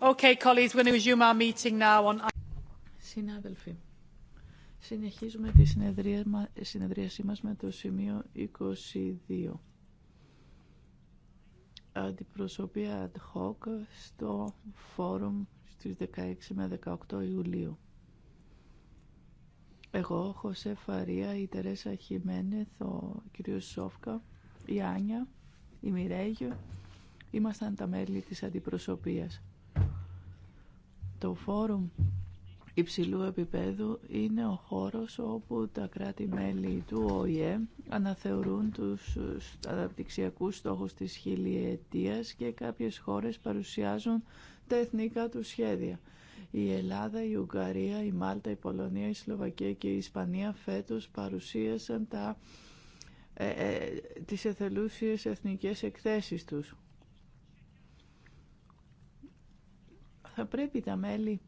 Okay, colleagues, meeting now on... Συνάδελφοι, συνεχίζουμε τη συνεδρίασή μας με το σημείο 22. Αντιπροσωπεία ad hoc στο φόρουμ στις 16 με 18 Ιουλίου. Εγώ, Χωσέ Φαρία, η Τερέσα Χιμένεθ, ο κύριος Σόφκα, η Άνια, η Μιρέγιο, ήμασταν τα μέλη της αντιπροσωπείας. Το φόρουμ υψηλού επίπεδου είναι ο χώρος όπου τα κράτη-μέλη του ΟΗΕ αναθεωρούν τους αναπτυξιακούς στόχους της χιλιετίας και κάποιες χώρες παρουσιάζουν τα εθνικά του σχέδια. Η Ελλάδα, η Ουγγαρία, η Μάλτα, η Πολωνία, η Σλοβακία και η Ισπανία φέτος παρουσίασαν τα, ε, ε, τις εθελούσιες εθνικές εκθέσεις τους. Θα πρέπει τα μέλη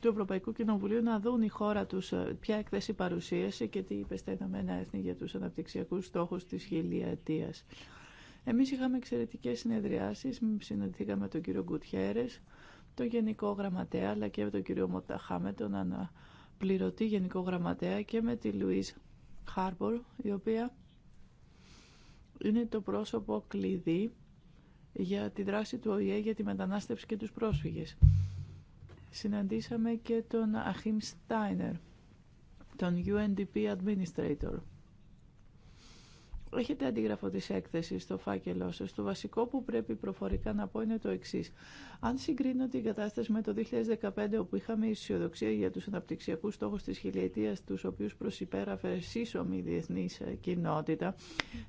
του Ευρωπαϊκού Κοινοβουλίου να δουν η χώρα τους ε, ποια έκθεση παρουσίασε και τι είπε στα Ηνωμένα Έθνη για του αναπτυξιακού στόχου τη χιλιατίας. Εμείς είχαμε εξαιρετικέ συνεδριάσεις, συναντηθήκαμε με τον κύριο Γκουτιέρε, τον Γενικό Γραμματέα, αλλά και με τον κύριο Μοταχάμε, τον αναπληρωτή Γενικό Γραμματέα και με τη Λουί Χάρμπορ, η οποία είναι το πρόσωπο κλειδί για τη δράση του ΟΗΕ για τη μετανάστευση και τους πρόσφυγες. Συναντήσαμε και τον Αχίμ Στάινερ, τον UNDP Administrator Έχετε αντίγραφο της έκθεσης στο φάκελό σας. Το βασικό που πρέπει προφορικά να πω είναι το εξή. Αν συγκρίνω την κατάσταση με το 2015 όπου είχαμε ισοδοξία για τους αναπτυξιακούς στόχους της χιλιετίας τους οποίους προσυπέραφε σύσσωμη διεθνή ε, κοινότητα,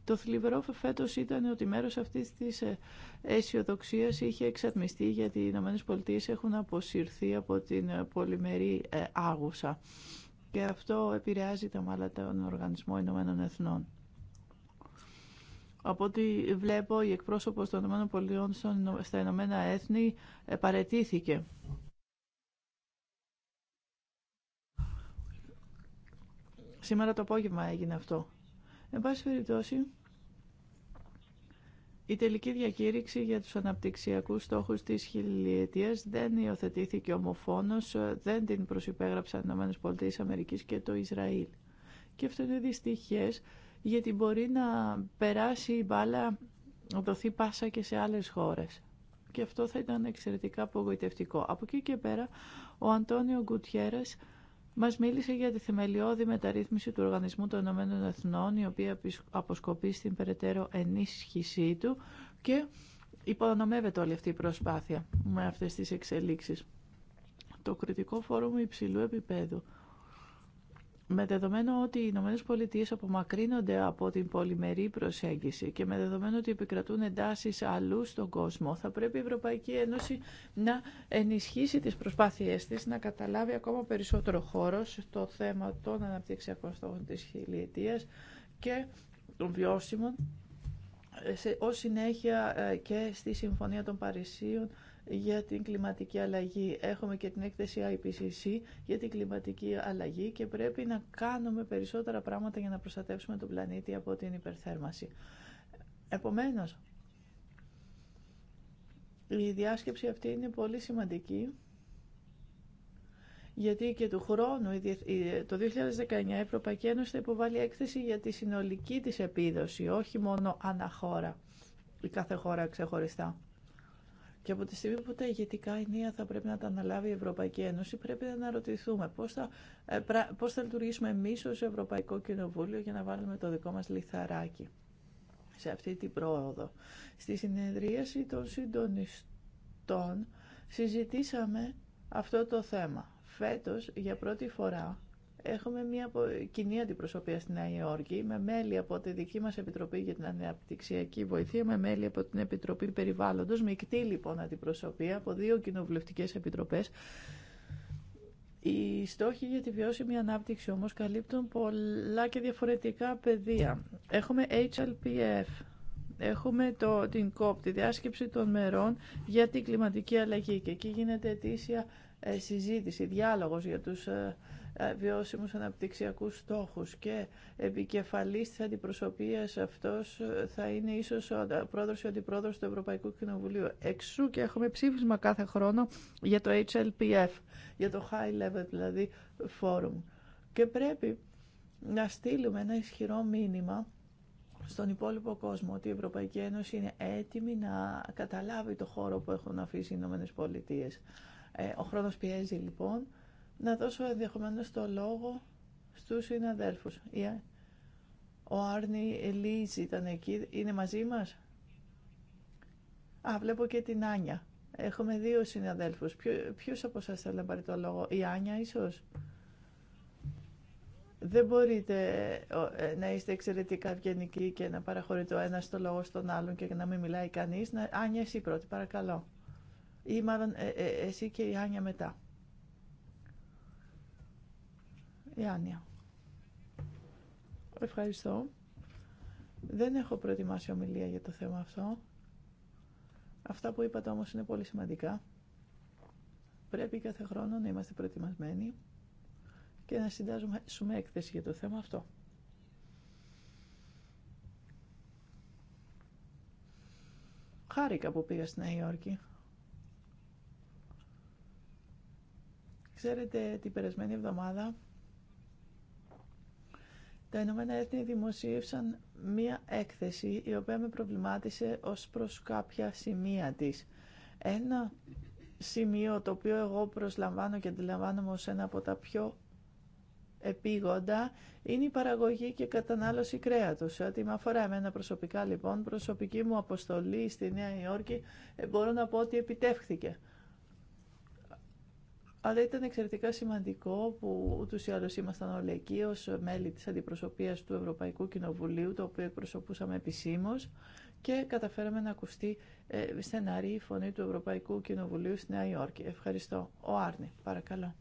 το θλιβερό φέτος ήταν ότι μέρος αυτής της ε, αισιοδοξία είχε εξατμιστεί γιατί οι ΗΠΑ έχουν αποσυρθεί από την ε, πολυμερή άγουσα. Και αυτό επηρεάζει τα μάλλα των Οργανισμό Ηνωμένων Εθνών. Από ό,τι βλέπω, η εκπρόσωπος των ΗΠΑ στα Ηνωμένα Έθνη ε, παρετήθηκε. Σήμερα το απόγευμα έγινε αυτό. Εν πάση περιπτώσει, η τελική διακήρυξη για τους αναπτυξιακούς στόχους της χιλιετίας δεν υιοθετήθηκε ομοφόνος, ε, δεν την προσυπέγραψαν οι ΗΠΑ και το Ισραήλ. Και αυτό είναι δυστυχές, γιατί μπορεί να περάσει η μπάλα, να δοθεί πάσα και σε άλλες χώρες. Και αυτό θα ήταν εξαιρετικά απογοητευτικό. Από εκεί και πέρα, ο Αντώνιο Γκουτιέρας μας μίλησε για τη θεμελιώδη μεταρρύθμιση του Οργανισμού των Ηνωμένων Εθνών, η οποία αποσκοπεί στην περαιτέρω ενίσχυσή του και υπονομεύεται όλη αυτή η προσπάθεια με αυτές τις εξελίξεις. Το κριτικό φόρουμ υψηλού επίπεδου με δεδομένο ότι οι Ηνωμένε Πολιτείε απομακρύνονται από την πολυμερή προσέγγιση και με δεδομένο ότι επικρατούν εντάσεις αλλού στον κόσμο, θα πρέπει η Ευρωπαϊκή Ένωση να ενισχύσει τις προσπάθειές της να καταλάβει ακόμα περισσότερο χώρο στο θέμα των αναπτυξιακών στόχων τη χιλιετία και των βιώσιμων ως συνέχεια ε, και στη Συμφωνία των Παρισίων για την κλιματική αλλαγή. Έχουμε και την έκθεση IPCC για την κλιματική αλλαγή και πρέπει να κάνουμε περισσότερα πράγματα για να προστατεύσουμε τον πλανήτη από την υπερθέρμανση. Επομένως, η διάσκεψη αυτή είναι πολύ σημαντική γιατί και του χρόνου, το 2019, η Ευρωπαϊκή Ένωση θα υποβάλει έκθεση για τη συνολική της επίδοση, όχι μόνο αναχώρα, η κάθε χώρα ξεχωριστά. Και από τη στιγμή που τα ηγετικά ενία θα πρέπει να τα αναλάβει η Ευρωπαϊκή Ένωση, πρέπει να αναρωτηθούμε πώς θα, ε, πώς θα λειτουργήσουμε εμείς ως Ευρωπαϊκό Κοινοβούλιο για να βάλουμε το δικό μας λιθαράκι σε αυτή την πρόοδο. Στη συνεδρίαση των συντονιστών συζητήσαμε αυτό το θέμα. Φέτος, για πρώτη φορά, Έχουμε μια κοινή αντιπροσωπεία στην Νέα με μέλη από τη δική μας Επιτροπή για την Αναπτυξιακή Βοηθεία, με μέλη από την Επιτροπή Περιβάλλοντος, μεικτή λοιπόν αντιπροσωπεία από δύο κοινοβουλευτικές επιτροπές. Οι στόχοι για τη βιώσιμη ανάπτυξη όμως καλύπτουν πολλά και διαφορετικά πεδία. Έχουμε HLPF, έχουμε το, την COP, τη διάσκεψη των μερών για την κλιματική αλλαγή και εκεί γίνεται αιτήσια ε, συζήτηση, διάλογος για τους ε, ε, βιώσιμους αναπτυξιακούς στόχους και επικεφαλής της αντιπροσωπείας αυτός ε, θα είναι ίσως ο πρόεδρος ή ο του Ευρωπαϊκού Κοινοβουλίου. Εξού και έχουμε ψήφισμα κάθε χρόνο για το HLPF, για το High Level δηλαδή Forum. Και πρέπει να στείλουμε ένα ισχυρό μήνυμα στον υπόλοιπο κόσμο ότι η Ευρωπαϊκή Ένωση είναι έτοιμη να καταλάβει το χώρο που έχουν αφήσει οι Ηνωμένες Πολιτείες. Ε, ο χρόνος πιέζει λοιπόν να δώσω ενδεχομένω το λόγο στους συναδέλφου. Ο Άρνη Ελίζη ήταν εκεί. Είναι μαζί μας. Α, βλέπω και την Άνια. Έχουμε δύο συναδέλφους. Ποιο, ποιος από εσάς θέλει να πάρει το λόγο. Η Άνια ίσως. Δεν μπορείτε ε, να είστε εξαιρετικά ευγενικοί και να παραχωρείτε ο ένας το λόγο στον άλλον και να μην μιλάει κανείς. Άνια, εσύ πρώτη, παρακαλώ. Ή μάλλον ε, ε, εσύ και η Άνια μετά. Ευχαριστώ. Δεν έχω προετοιμάσει ομιλία για το θέμα αυτό. Αυτά που είπατε όμως είναι πολύ σημαντικά. Πρέπει κάθε χρόνο να είμαστε προετοιμασμένοι και να συντάζουμε έκθεση για το θέμα αυτό. Χάρηκα που πήγα στη Νέα Υόρκη. Ξέρετε την περασμένη εβδομάδα τα Ηνωμένα Έθνη δημοσίευσαν μία έκθεση η οποία με προβλημάτισε ως προς κάποια σημεία της. Ένα σημείο το οποίο εγώ προσλαμβάνω και αντιλαμβάνομαι ως ένα από τα πιο επίγοντα είναι η παραγωγή και κατανάλωση κρέατος. Σε ό,τι με αφορά εμένα προσωπικά λοιπόν, προσωπική μου αποστολή στη Νέα Υόρκη ε, μπορώ να πω ότι επιτεύχθηκε αλλά ήταν εξαιρετικά σημαντικό που ούτω ή άλλω ήμασταν όλοι εκεί ω μέλη τη αντιπροσωπεία του Ευρωπαϊκού Κοινοβουλίου, το οποίο εκπροσωπούσαμε επισήμω και καταφέραμε να ακουστεί ε, στεναρή η αλλω ημασταν ολοι εκει ως μελη τη αντιπροσωπειας του Ευρωπαϊκού Κοινοβουλίου στη Νέα Υόρκη. Ευχαριστώ. Ο Άρνη, παρακαλώ.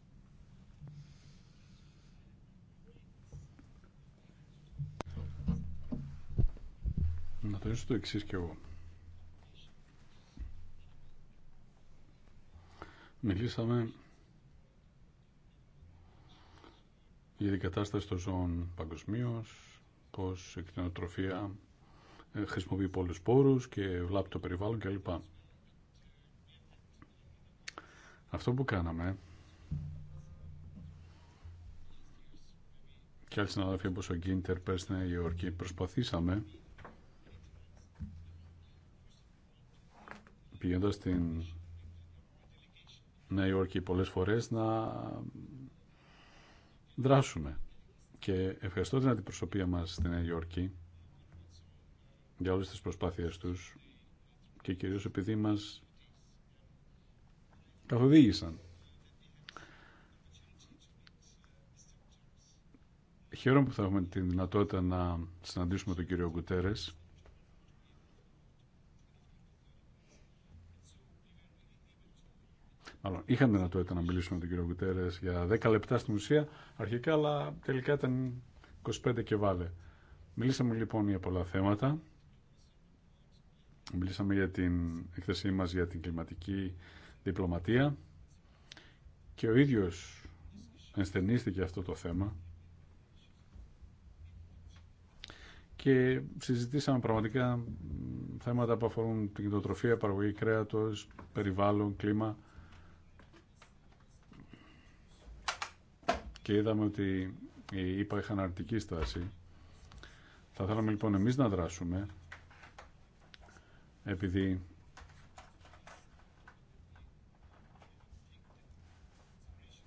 Να τονίσω το οποιο εκπροσωπουσαμε επισήμω και καταφεραμε να ακουστει ε στεναρη η φωνη του ευρωπαικου κοινοβουλιου στη νεα υορκη ευχαριστω ο αρνη παρακαλω να τονισω το εξη κι εγώ. Μιλήσαμε για την κατάσταση των ζώων παγκοσμίω, πώ η κτηνοτροφία ε, χρησιμοποιεί πολλούς πόρου και βλάπτει το περιβάλλον κλπ. Αυτό που κάναμε και άλλοι συναδελφοί όπως ο Γκίντερ, πέρσι η Υόρκη προσπαθήσαμε πηγαίνοντας στην Νέα Υόρκη πολλές φορές να δράσουμε. Και ευχαριστώ την αντιπροσωπεία μας στη Νέα Υόρκη για όλες τις προσπάθειες τους και κυρίως επειδή μας καθοδήγησαν. Χαίρομαι που θα έχουμε τη δυνατότητα να συναντήσουμε τον κύριο Γκουτέρες να το δυνατότητα να μιλήσουμε με τον κύριο Γκουτέρε για 10 λεπτά στην ουσία αρχικά, αλλά τελικά ήταν 25 και βάλε. Μιλήσαμε λοιπόν για πολλά θέματα. Μιλήσαμε για την εκθεσή μας για την κλιματική διπλωματία και ο ίδιος ενστενίστηκε αυτό το θέμα και συζητήσαμε πραγματικά θέματα που αφορούν την κοινοτροφία, παραγωγή κρέατος, περιβάλλον, κλίμα. και είδαμε ότι οι ΙΠΑ είχαν αρνητική στάση. Θα θέλαμε λοιπόν εμείς να δράσουμε επειδή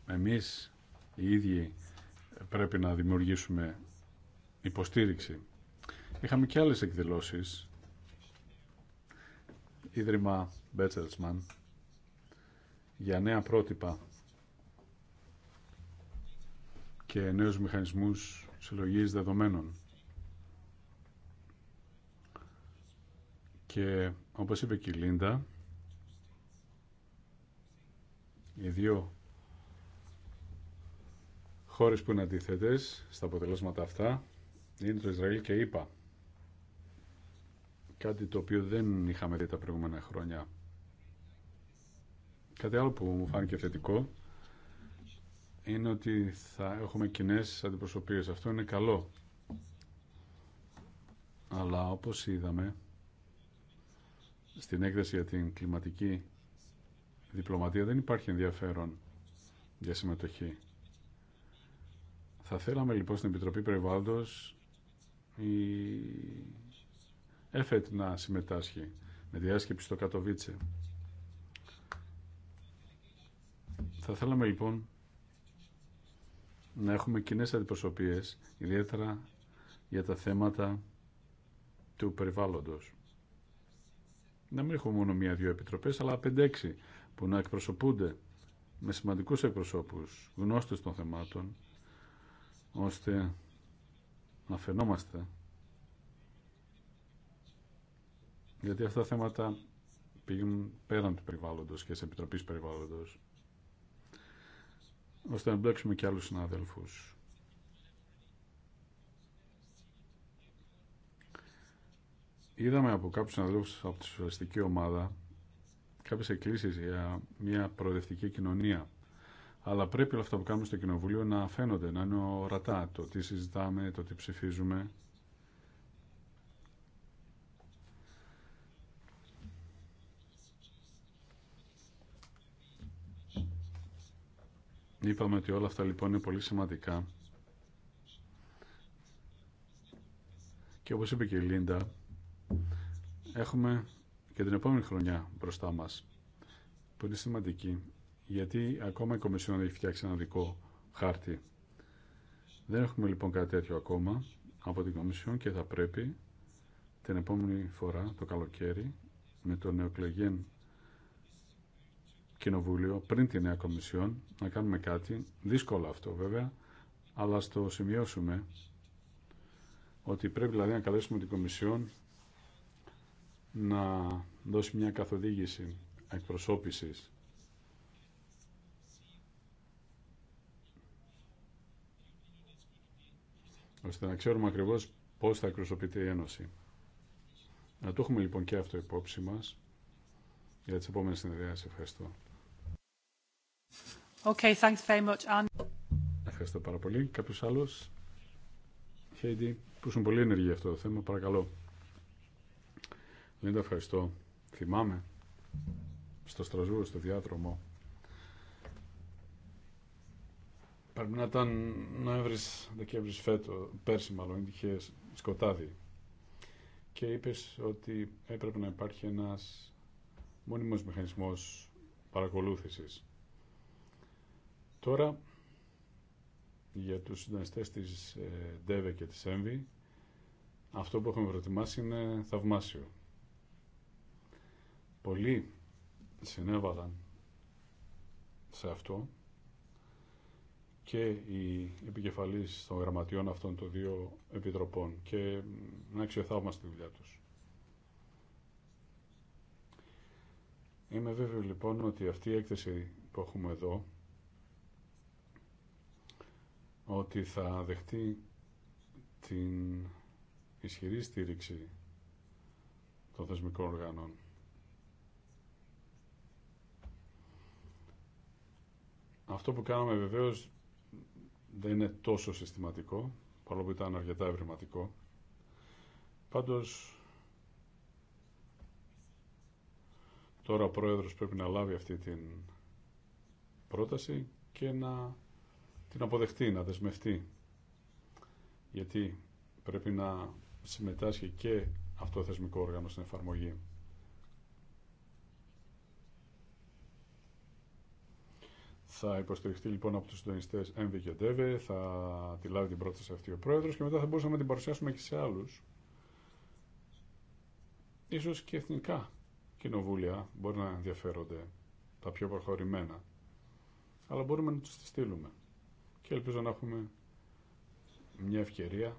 εμείς οι ίδιοι πρέπει να δημιουργήσουμε υποστήριξη. Είχαμε και άλλες εκδηλώσεις. Ίδρυμα Μπέτσελσμαν για νέα πρότυπα και νέους μηχανισμούς συλλογής δεδομένων. Και όπως είπε και η Λίντα, οι δύο χώρες που είναι αντίθετες στα αποτελέσματα αυτά είναι το Ισραήλ και η ΕΠΑ. Κάτι το οποίο δεν είχαμε δει τα προηγούμενα χρόνια. Κάτι άλλο που μου φάνηκε θετικό είναι ότι θα έχουμε κοινέ αντιπροσωπίες. Αυτό είναι καλό. Αλλά όπως είδαμε στην έκθεση για την κλιματική διπλωματία δεν υπάρχει ενδιαφέρον για συμμετοχή. Θα θέλαμε λοιπόν στην Επιτροπή περιβάλλοντο η ΕΦΕΤ να συμμετάσχει με διάσκεψη στο Κατοβίτσε. Θα θέλαμε λοιπόν να έχουμε κοινέ αντιπροσωπίες, ιδιαίτερα για τα θέματα του περιβάλλοντος. Να μην έχουμε μόνο μία-δύο επιτροπές, αλλά πέντε-έξι που να εκπροσωπούνται με σημαντικούς εκπροσώπους, γνώστες των θεμάτων, ώστε να φαινόμαστε. Γιατί αυτά τα θέματα πήγαν πέραν του περιβάλλοντος και σε επιτροπής περιβάλλοντος ώστε να μπλέξουμε και άλλους συναδέλφους. Είδαμε από κάποιους συναδέλφους από τη Σουραστική ομάδα κάποιες εκκλήσεις για μια προοδευτική κοινωνία. Αλλά πρέπει όλα αυτά που κάνουμε στο Κοινοβούλιο να φαίνονται, να είναι ορατά το τι συζητάμε, το τι ψηφίζουμε Είπαμε ότι όλα αυτά λοιπόν είναι πολύ σημαντικά. Και όπως είπε και η Λίντα, έχουμε και την επόμενη χρονιά μπροστά μας, πολύ σημαντική, γιατί ακόμα η Κομισιόν έχει φτιάξει ένα δικό χάρτη. Δεν έχουμε λοιπόν κάτι τέτοιο ακόμα από την Κομισιόν και θα πρέπει την επόμενη φορά, το καλοκαίρι, με το νεοκλεγέν Κοινοβούλιο πριν τη νέα Κομισιόν να κάνουμε κάτι. Δύσκολο αυτό βέβαια, αλλά στο σημειώσουμε ότι πρέπει δηλαδή να καλέσουμε την Κομισιόν να δώσει μια καθοδήγηση εκπροσώπησης ώστε να ξέρουμε ακριβώς πώς θα εκπροσωπείται η Ένωση. Να το έχουμε λοιπόν και αυτό υπόψη μας για τις επόμενες συνεδριάσεις. Ευχαριστώ. Okay, thanks very much. Ευχαριστώ πάρα πολύ. Κάποιο άλλο. Χέιντι, που ήσουν πολύ ενεργή αυτό το θέμα, παρακαλώ. Λίντα, ευχαριστώ. Θυμάμαι στο Στρασβούργο, στο διάδρομο. Πρέπει να ήταν Νοέμβρη, Δεκέμβρη φέτο, πέρσι μάλλον, είχε σκοτάδι. Και είπες ότι έπρεπε να υπάρχει ένας μόνιμος μηχανισμός παρακολούθησης Τώρα, για τους συντονιστές της ΔΕΒΕ και της ΕΜΒΗ, αυτό που έχουμε προετοιμάσει είναι θαυμάσιο. Πολλοί συνέβαλαν σε αυτό και οι επικεφαλής των γραμματιών αυτών των δύο επιτροπών και να τη δουλειά τους. Είμαι βέβαιο λοιπόν ότι αυτή η έκθεση που έχουμε εδώ ότι θα δεχτεί την ισχυρή στήριξη των θεσμικών οργάνων. Αυτό που κάναμε βεβαίως δεν είναι τόσο συστηματικό, παρόλο που ήταν αρκετά ευρηματικό. Πάντως, τώρα ο Πρόεδρος πρέπει να λάβει αυτή την πρόταση και να την αποδεχτεί, να δεσμευτεί. Γιατί πρέπει να συμμετάσχει και αυτό το θεσμικό όργανο στην εφαρμογή. Θα υποστηριχτεί λοιπόν από του συντονιστέ Envy και θα τη λάβει την πρόταση αυτή ο πρόεδρο και μετά θα μπορούσαμε να την παρουσιάσουμε και σε άλλου. Ίσως και εθνικά κοινοβούλια μπορεί να ενδιαφέρονται τα πιο προχωρημένα. Αλλά μπορούμε να τους τη στείλουμε και ελπίζω να έχουμε μια ευκαιρία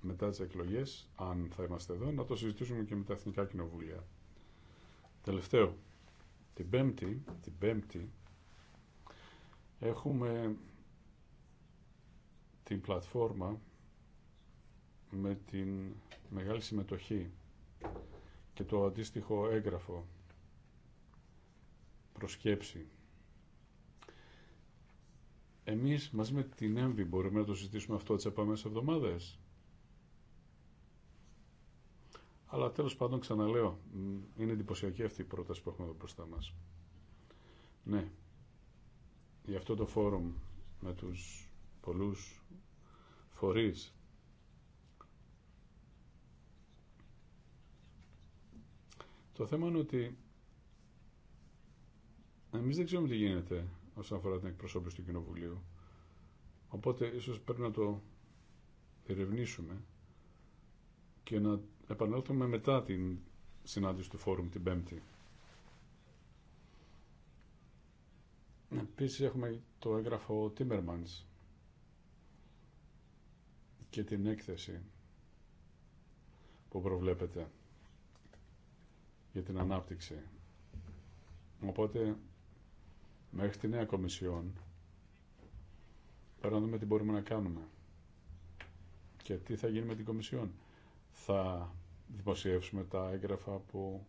μετά τις εκλογές, αν θα είμαστε εδώ, να το συζητήσουμε και με τα Εθνικά Κοινοβούλια. Τελευταίο, την Πέμπτη, την Πέμπτη έχουμε την πλατφόρμα με την μεγάλη συμμετοχή και το αντίστοιχο έγγραφο προσκέψη εμείς μαζί με την ΕΜΒΗ μπορούμε να το συζητήσουμε αυτό τις επόμενες εβδομάδες. Αλλά τέλος πάντων ξαναλέω, είναι εντυπωσιακή αυτή η πρόταση που έχουμε εδώ μπροστά μας. Ναι, για αυτό το φόρουμ με τους πολλούς φορείς Το θέμα είναι ότι εμείς δεν ξέρουμε τι γίνεται όσον αφορά την εκπροσώπηση του Κοινοβουλίου. Οπότε ίσως πρέπει να το ερευνήσουμε και να επανέλθουμε μετά την συνάντηση του φόρουμ την Πέμπτη. Επίσης έχουμε το έγγραφο Timmermans και την έκθεση που προβλέπεται για την ανάπτυξη. Οπότε μέχρι τη νέα Κομισιόν πρέπει να δούμε τι μπορούμε να κάνουμε και τι θα γίνει με την Κομισιόν. Θα δημοσιεύσουμε τα έγγραφα που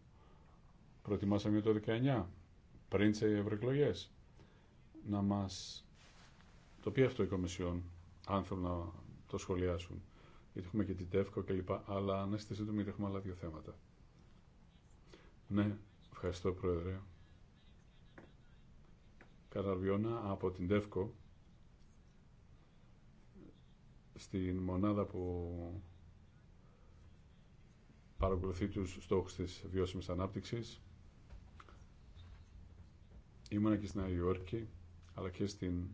προετοιμάσαμε το 19 πριν σε ευρωεκλογέ. Να μας το πει αυτό η Κομισιόν, αν θέλουν να το σχολιάσουν. Γιατί έχουμε και την ΤΕΦΚΟ κλπ. Αλλά να είστε σύντομοι, γιατί έχουμε άλλα δύο θέματα. Ναι, ευχαριστώ Πρόεδρε. Καραβιώνα από την ΤΕΦΚΟ στην μονάδα που παρακολουθεί τους στόχους της βιώσιμης ανάπτυξης. Ήμουνα και στην Αγιόρκη, αλλά και στην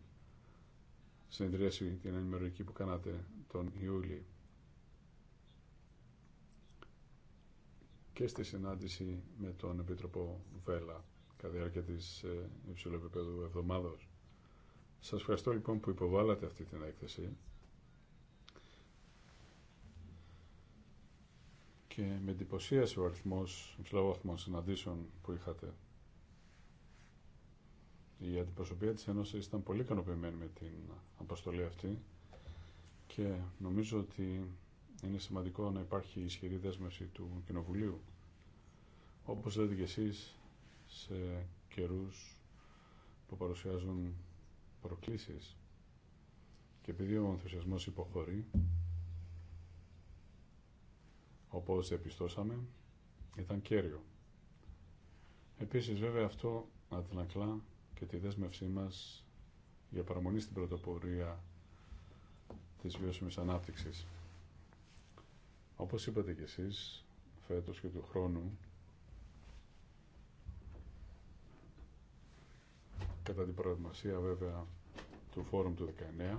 συνεδρίαση την ενημερωτική που κάνατε τον Ιούλη και στη συνάντηση με τον Επίτροπο Βέλα κατά τη διάρκεια της ε, υψηλού επίπεδου εβδομάδος. Σα ευχαριστώ λοιπόν που υποβάλλατε αυτή την έκθεση και με εντυπωσίασε ο αριθμός, υψηλό αριθμού συναντήσεων που είχατε. Η αντιπροσωπεία της Ένωσης ήταν πολύ ικανοποιημένη με την αποστολή αυτή και νομίζω ότι είναι σημαντικό να υπάρχει ισχυρή δέσμευση του Κοινοβουλίου. Όπως λέτε και εσείς, σε καιρούς που παρουσιάζουν προκλήσεις και επειδή ο ενθουσιασμός υποχωρεί όπως επιστώσαμε ήταν κέριο. Επίσης βέβαια αυτό αντανακλά και τη δέσμευσή μας για παραμονή στην πρωτοπορία της βιώσιμης ανάπτυξης. Όπως είπατε κι εσείς, φέτος και του χρόνου κατά την προετοιμασία βέβαια του φόρουμ του 19.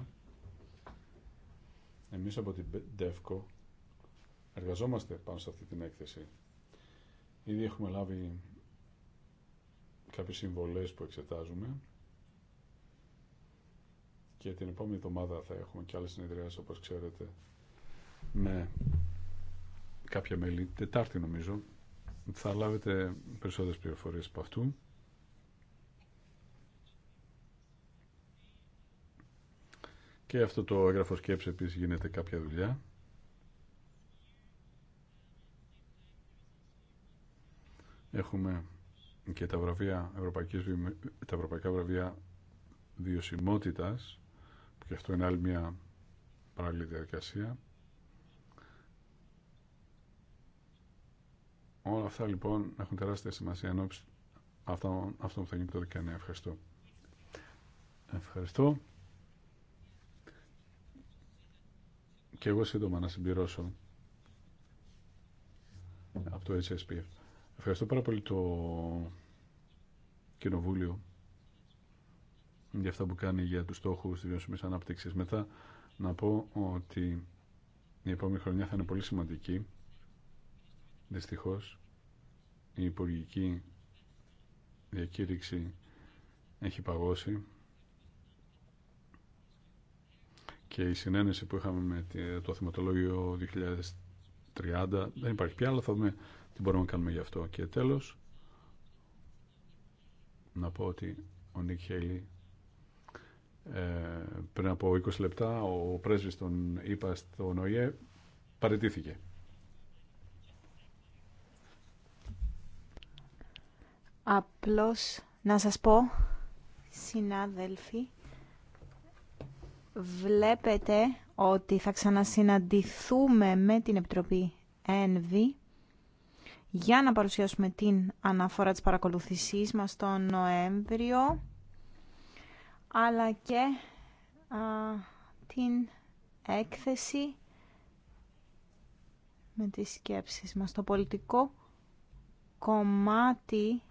Εμείς από την ΔΕΦΚΟ εργαζόμαστε πάνω σε αυτή την έκθεση. Ήδη έχουμε λάβει κάποιες συμβολές που εξετάζουμε και την επόμενη εβδομάδα θα έχουμε και άλλες συνεδριάσεις όπως ξέρετε με κάποια μέλη, Τετάρτη νομίζω, θα λάβετε περισσότερες πληροφορίες από αυτού. Και αυτό το έγγραφο σκέψη επίσης γίνεται κάποια δουλειά. Έχουμε και τα, βραβεία, ευρωπαϊκής, τα ευρωπαϊκά βραβεία βιωσιμότητας, που και αυτό είναι άλλη μια παράλληλη διαδικασία. Όλα αυτά λοιπόν έχουν τεράστια σημασία ενώπιση αυτό, που θα γίνει το 19. Ευχαριστώ. Ευχαριστώ. και εγώ σύντομα να συμπληρώσω από το HSPF. Ευχαριστώ πάρα πολύ το Κοινοβούλιο για αυτά που κάνει για τους στόχους της βιώσιμης ανάπτυξης. Μετά να πω ότι η επόμενη χρονιά θα είναι πολύ σημαντική. Δυστυχώς η υπουργική διακήρυξη έχει παγώσει και η συνένεση που είχαμε με το θεματολόγιο 2030 δεν υπάρχει πια, αλλά θα δούμε τι μπορούμε να κάνουμε γι' αυτό. Και τέλος, να πω ότι ο Νίκ Χέλη ε, πριν από 20 λεπτά ο πρέσβης των ΙΠΑ στο ΝΟΙΕ παραιτήθηκε. Απλώς να σας πω, συνάδελφοι, βλέπετε ότι θα ξανασυναντηθούμε με την Επιτροπή ΕΝΒΗ για να παρουσιάσουμε την αναφορά της παρακολουθησής μας τον Νοέμβριο αλλά και την έκθεση με τις σκέψεις μας. Το πολιτικό κομμάτι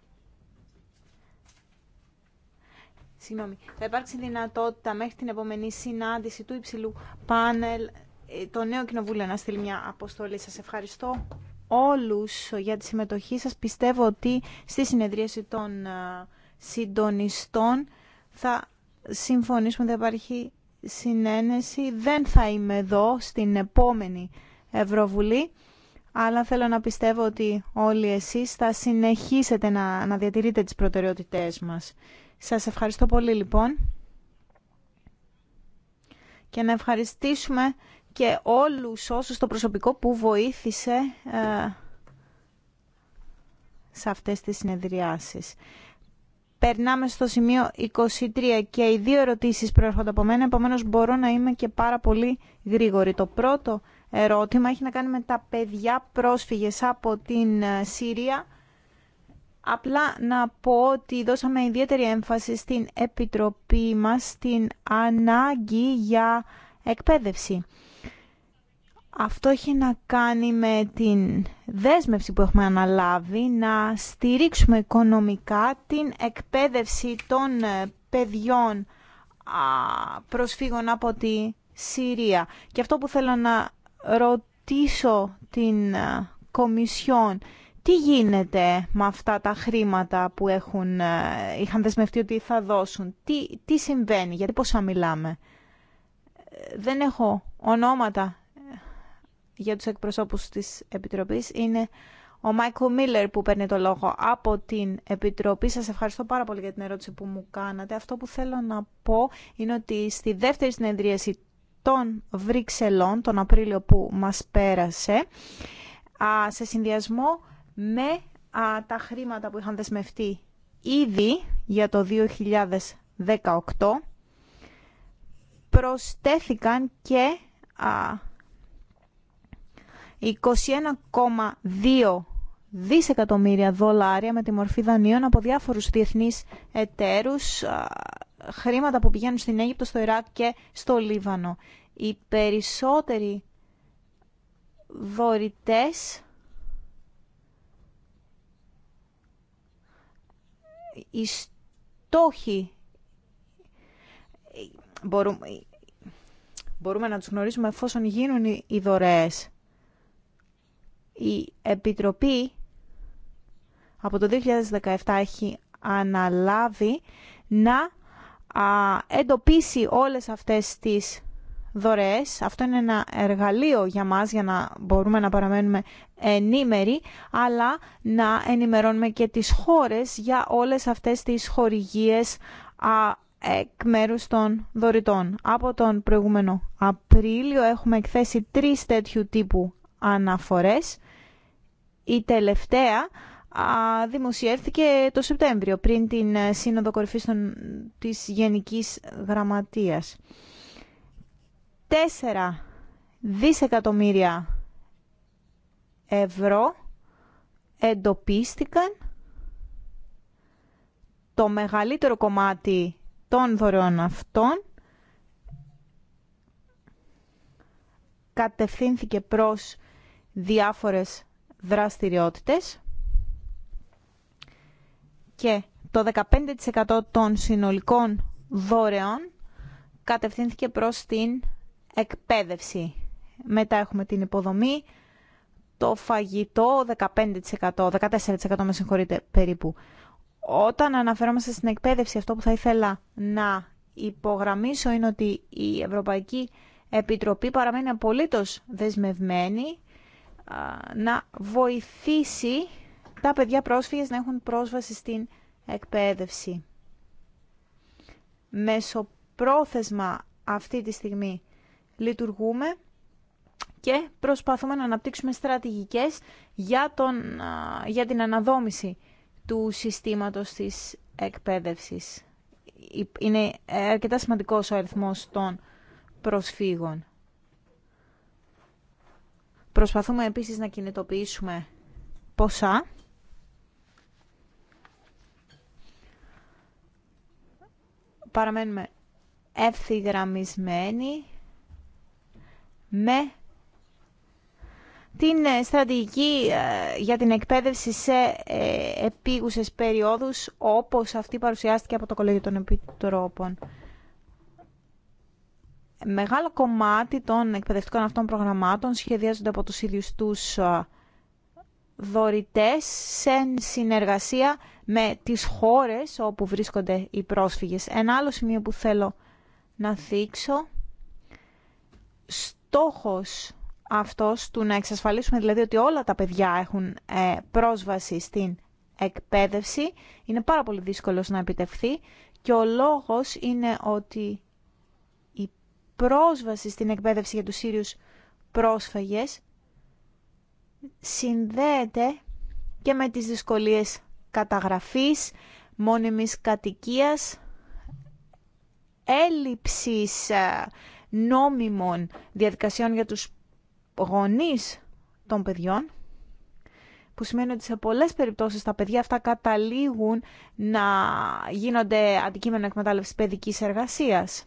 Συγγνώμη. Θα υπάρξει δυνατότητα μέχρι την επόμενη συνάντηση του υψηλού πάνελ ε, το νέο κοινοβούλιο να στείλει μια αποστολή. Σας ευχαριστώ όλους για τη συμμετοχή σας. Πιστεύω ότι στη συνεδρίαση των ε, συντονιστών θα συμφωνήσουμε, θα υπάρχει συνένεση. Δεν θα είμαι εδώ στην επόμενη Ευρωβουλή, αλλά θέλω να πιστεύω ότι όλοι εσείς θα συνεχίσετε να, να διατηρείτε τις προτεραιότητές μας. Σας ευχαριστώ πολύ λοιπόν και να ευχαριστήσουμε και όλους όσους το προσωπικό που βοήθησε ε, σε αυτές τις συνεδριάσεις. Περνάμε στο σημείο 23 και οι δύο ερωτήσεις προέρχονται από μένα, επομένως μπορώ να είμαι και πάρα πολύ γρήγορη. Το πρώτο ερώτημα έχει να κάνει με τα παιδιά πρόσφυγες από την ε, Συρία Απλά να πω ότι δώσαμε ιδιαίτερη έμφαση στην Επιτροπή μας στην ανάγκη για εκπαίδευση. Αυτό έχει να κάνει με την δέσμευση που έχουμε αναλάβει να στηρίξουμε οικονομικά την εκπαίδευση των παιδιών προσφύγων από τη Συρία. Και αυτό που θέλω να ρωτήσω την Κομισιόν τι γίνεται με αυτά τα χρήματα που έχουν, ε, είχαν δεσμευτεί ότι θα δώσουν. Τι, τι συμβαίνει, γιατί πόσα μιλάμε. Ε, δεν έχω ονόματα ε, για τους εκπροσώπους της Επιτροπής. Είναι ο Μάικλ Μίλλερ που παίρνει το λόγο από την Επιτροπή. Σας ευχαριστώ πάρα πολύ για την ερώτηση που μου κάνατε. Αυτό που θέλω να πω είναι ότι στη δεύτερη συνεδρίαση των Βρυξελών, τον Απρίλιο που μας πέρασε, σε συνδυασμό με τα χρήματα που είχαν δεσμευτεί ήδη για το 2018 προστέθηκαν και 21,2 δισεκατομμύρια δολάρια με τη μορφή δανείων από διάφορους διεθνείς εταίρους, χρήματα που πηγαίνουν στην Αίγυπτο, στο Ιράκ και στο Λίβανο. Οι περισσότεροι δωρητές οι στόχοι μπορούμε, να τους γνωρίζουμε εφόσον γίνουν οι δωρεές. Η Επιτροπή από το 2017 έχει αναλάβει να εντοπίσει όλες αυτές τις δωρεές. Αυτό είναι ένα εργαλείο για μας για να μπορούμε να παραμένουμε ενήμεροι, αλλά να ενημερώνουμε και τις χώρες για όλες αυτές τις χορηγίες εκ μέρου των δωρητών. Από τον προηγούμενο Απρίλιο έχουμε εκθέσει τρεις τέτοιου τύπου αναφορές. Η τελευταία δημοσιεύθηκε το Σεπτέμβριο πριν την ε, Σύνοδο Κορυφής των, της Γενικής Γραμματείας. 4 δισεκατομμύρια ευρώ εντοπίστηκαν το μεγαλύτερο κομμάτι των δωρεών αυτών κατευθύνθηκε προς διάφορες δραστηριότητες και το 15% των συνολικών δωρεών κατευθύνθηκε προς την εκπαίδευση. Μετά έχουμε την υποδομή, το φαγητό 15%, 14% με συγχωρείτε περίπου. Όταν αναφερόμαστε στην εκπαίδευση, αυτό που θα ήθελα να υπογραμμίσω είναι ότι η Ευρωπαϊκή Επιτροπή παραμένει απολύτως δεσμευμένη να βοηθήσει τα παιδιά πρόσφυγες να έχουν πρόσβαση στην εκπαίδευση. Μεσοπρόθεσμα αυτή τη στιγμή λειτουργούμε και προσπαθούμε να αναπτύξουμε στρατηγικές για, τον, για την αναδόμηση του συστήματος της εκπαίδευσης. Είναι αρκετά σημαντικός ο αριθμός των προσφύγων. Προσπαθούμε επίσης να κινητοποιήσουμε ποσά. Παραμένουμε ευθυγραμμισμένοι με την ε, στρατηγική ε, για την εκπαίδευση σε ε, επίγουσες περιόδους όπως αυτή παρουσιάστηκε από το Κολέγιο των Επιτρόπων. Μεγάλο κομμάτι των εκπαιδευτικών αυτών προγραμμάτων σχεδιάζονται από τους ίδιους τους δωρητές σε συνεργασία με τις χώρες όπου βρίσκονται οι πρόσφυγες. Ένα άλλο σημείο που θέλω να θίξω στόχος αυτός του να εξασφαλίσουμε δηλαδή ότι όλα τα παιδιά έχουν ε, πρόσβαση στην εκπαίδευση είναι πάρα πολύ δύσκολος να επιτευχθεί και ο λόγος είναι ότι η πρόσβαση στην εκπαίδευση για τους Σύριους πρόσφαγες συνδέεται και με τις δυσκολίες καταγραφής, μόνιμης κατοικίας, έλλειψης ε, νόμιμων διαδικασιών για τους γονείς των παιδιών, που σημαίνει ότι σε πολλές περιπτώσεις τα παιδιά αυτά καταλήγουν να γίνονται αντικείμενο εκμετάλλευσης παιδικής εργασίας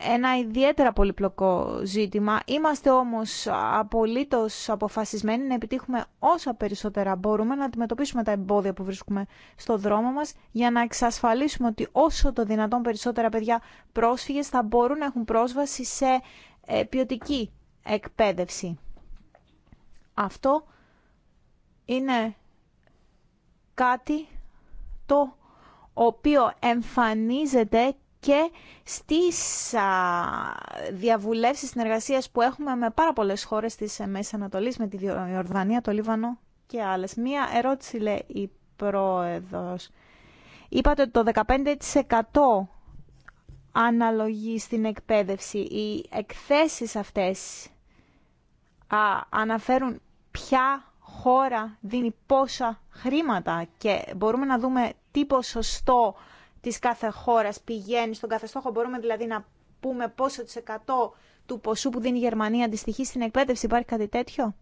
ένα ιδιαίτερα πολυπλοκό ζήτημα. Είμαστε όμως απολύτως αποφασισμένοι να επιτύχουμε όσα περισσότερα μπορούμε να αντιμετωπίσουμε τα εμπόδια που βρίσκουμε στο δρόμο μας για να εξασφαλίσουμε ότι όσο το δυνατόν περισσότερα παιδιά πρόσφυγες θα μπορούν να έχουν πρόσβαση σε ε, ποιοτική εκπαίδευση. Αυτό είναι κάτι το οποίο εμφανίζεται και στις διαβουλεύσεις συνεργασίας που έχουμε με πάρα πολλές χώρες της ε, Μέσης Ανατολής, με τη ε, Ιορδανία, το Λίβανο και άλλες. Μία ερώτηση λέει η Πρόεδρος. Είπατε ότι το 15% αναλογεί στην εκπαίδευση. Οι εκθέσεις αυτές α, αναφέρουν ποια χώρα δίνει πόσα χρήματα και μπορούμε να δούμε τι ποσοστό της κάθε χώρας πηγαίνει στον κάθε Μπορούμε δηλαδή να πούμε πόσο της εκατό του ποσού που δίνει η Γερμανία αντιστοιχεί στην εκπαίδευση. Υπάρχει κάτι τέτοιο.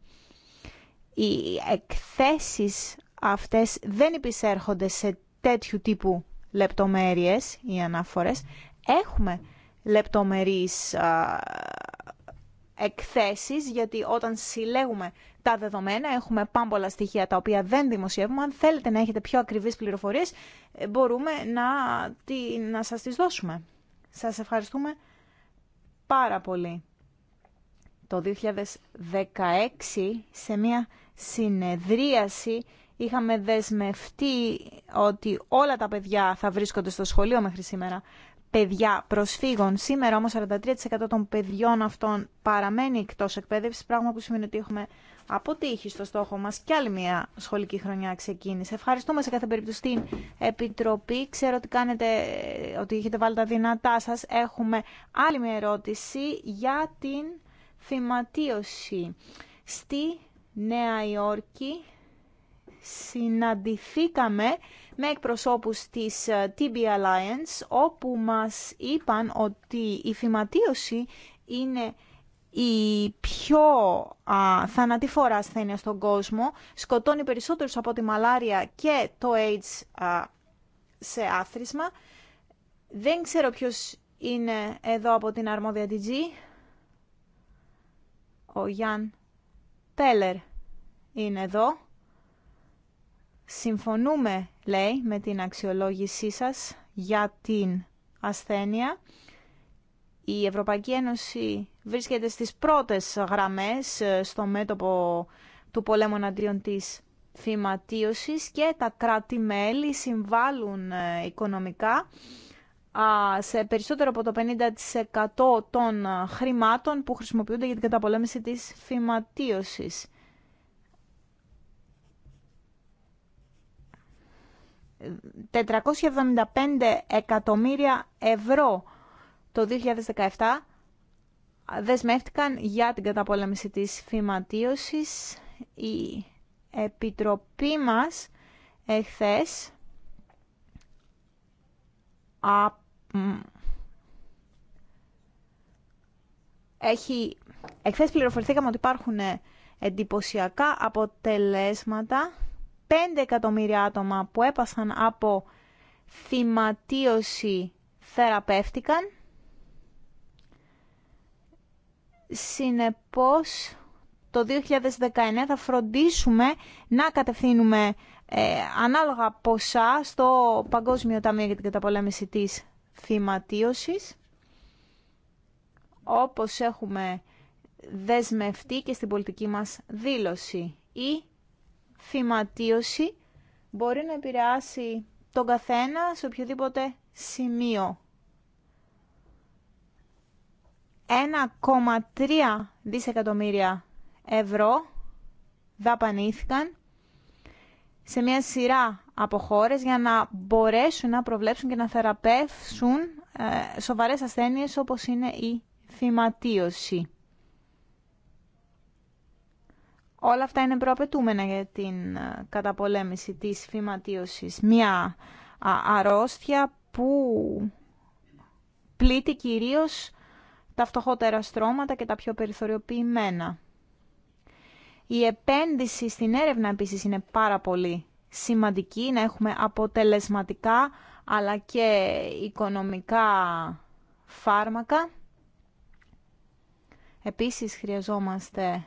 Οι εκθέσεις αυτές δεν υπησέρχονται σε τέτοιου τύπου λεπτομέρειες ή ανάφορες. Έχουμε λεπτομερείς εκθέσεις, γιατί όταν συλλέγουμε τα δεδομένα, έχουμε πάμπολα στοιχεία τα οποία δεν δημοσιεύουμε. Αν θέλετε να έχετε πιο ακριβείς πληροφορίες, μπορούμε να, τι, να σας τις δώσουμε. Σας ευχαριστούμε πάρα πολύ. Το 2016, σε μια συνεδρίαση, είχαμε δεσμευτεί ότι όλα τα παιδιά θα βρίσκονται στο σχολείο μέχρι σήμερα παιδιά προσφύγων. Σήμερα όμως 43% των παιδιών αυτών παραμένει εκτός εκπαίδευσης, πράγμα που σημαίνει ότι έχουμε αποτύχει στο στόχο μας και άλλη μια σχολική χρονιά ξεκίνησε. Ευχαριστούμε σε κάθε περίπτωση την Επιτροπή. Ξέρω ότι, κάνετε, ότι έχετε βάλει τα δυνατά σας. Έχουμε άλλη μια ερώτηση για την θυματίωση. Στη Νέα Υόρκη συναντηθήκαμε με εκπροσώπους της ε, TB Alliance όπου μας είπαν ότι η φυματίωση είναι η πιο α, θανατηφόρα ασθένεια στον κόσμο, σκοτώνει περισσότερους από τη μαλάρια και το AIDS σε άθροισμα. Δεν ξέρω ποιος είναι εδώ από την αρμόδια DG. Ο Γιάν Πέλερ είναι εδώ. Συμφωνούμε, λέει, με την αξιολόγησή σας για την ασθένεια. Η Ευρωπαϊκή Ένωση βρίσκεται στις πρώτες γραμμές ε, στο μέτωπο του πολέμου αντίον της φυματίωσης και τα κράτη-μέλη συμβάλλουν ε, οικονομικά σε περισσότερο από το 50% των ε, χρημάτων που χρησιμοποιούνται για την καταπολέμηση της φυματίωσης. 475 εκατομμύρια ευρώ το 2017 δεσμεύτηκαν για την καταπολέμηση της φυματίωσης. Η Επιτροπή μας εχθές α, έχει, εχθές πληροφορηθήκαμε ότι υπάρχουν εντυπωσιακά αποτελέσματα 5 εκατομμύρια άτομα που έπασαν από θυματίωση θεραπεύτηκαν. Συνεπώς, το 2019 θα φροντίσουμε να κατευθύνουμε ε, ανάλογα ποσά στο Παγκόσμιο Ταμείο για την Καταπολέμηση της Θυματίωσης, όπως έχουμε δεσμευτεί και στην πολιτική μας δήλωση ή φυματίωση μπορεί να επηρεάσει τον καθένα σε οποιοδήποτε σημείο. 1,3 δισεκατομμύρια ευρώ δαπανήθηκαν σε μια σειρά από χώρες για να μπορέσουν να προβλέψουν και να θεραπεύσουν ε, σοβαρές ασθένειες όπως είναι η φυματίωση. Όλα αυτά είναι προαπαιτούμενα για την ε, καταπολέμηση της φυματίωσης. Μια αρρώστια που πλήττει κυρίως τα φτωχότερα στρώματα και τα πιο περιθωριοποιημένα. Η επένδυση στην έρευνα επίσης είναι πάρα πολύ σημαντική, να έχουμε αποτελεσματικά αλλά και οικονομικά φάρμακα. Επίσης χρειαζόμαστε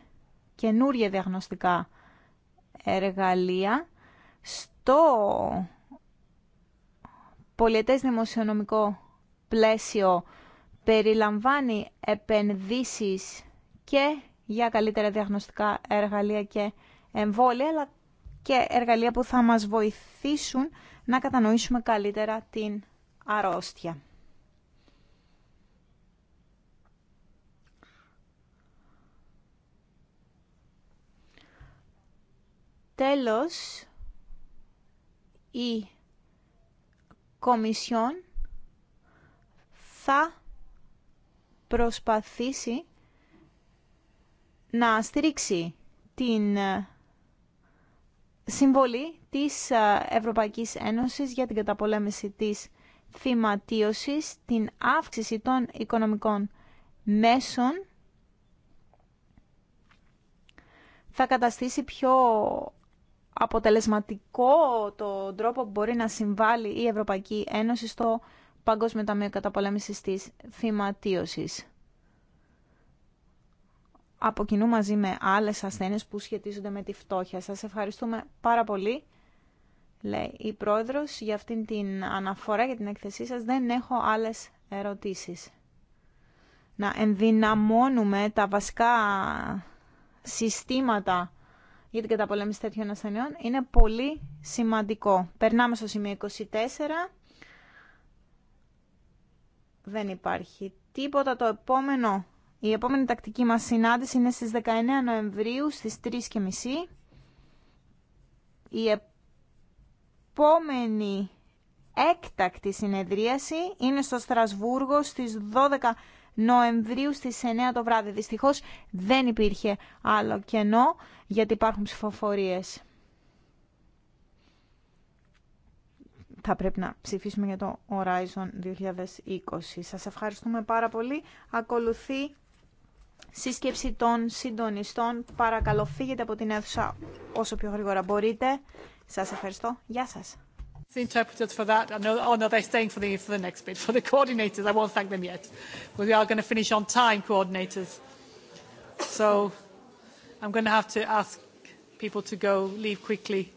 καινούργια διαγνωστικά εργαλεία στο πολιετές δημοσιονομικό πλαίσιο περιλαμβάνει επενδύσεις και για καλύτερα διαγνωστικά εργαλεία και εμβόλια, αλλά και εργαλεία που θα μας βοηθήσουν να κατανοήσουμε καλύτερα την αρρώστια. Τέλος, η Κομισιόν θα προσπαθήσει να στηρίξει την συμβολή της Ευρωπαϊκής Ένωσης για την καταπολέμηση της θυματίωσης, την αύξηση των οικονομικών μέσων, θα καταστήσει πιο αποτελεσματικό το τρόπο που μπορεί να συμβάλλει η Ευρωπαϊκή Ένωση στο Παγκόσμιο Ταμείο Καταπολέμησης της θυματίωσης. Από μαζί με άλλες ασθένειες που σχετίζονται με τη φτώχεια. Σας ευχαριστούμε πάρα πολύ, λέει η Πρόεδρος, για αυτήν την αναφορά, για την εκθεσή σας. Δεν έχω άλλες ερωτήσεις. Να ενδυναμώνουμε τα βασικά συστήματα για την καταπολέμηση τέτοιων ασθενειών είναι πολύ σημαντικό. Περνάμε στο σημείο 24. Δεν υπάρχει τίποτα. Το επόμενο, η επόμενη τακτική μας συνάντηση είναι στις 19 Νοεμβρίου στις 3.30. Η επόμενη έκτακτη συνεδρίαση είναι στο Στρασβούργο στις 12 Νοεμβρίου στις 9 το βράδυ. Δυστυχώς δεν υπήρχε άλλο κενό γιατί υπάρχουν ψηφοφορίες. Θα πρέπει να ψηφίσουμε για το Horizon 2020. Σας ευχαριστούμε πάρα πολύ. Ακολουθεί σύσκεψη των συντονιστών. Παρακαλώ φύγετε από την αίθουσα όσο πιο γρήγορα μπορείτε. Σας ευχαριστώ. Γεια σας. The interpreters for that. I know, oh no, they're staying for the, for the next bit. For the coordinators, I won't thank them yet. We are going to finish on time, coordinators. So I'm going to have to ask people to go, leave quickly.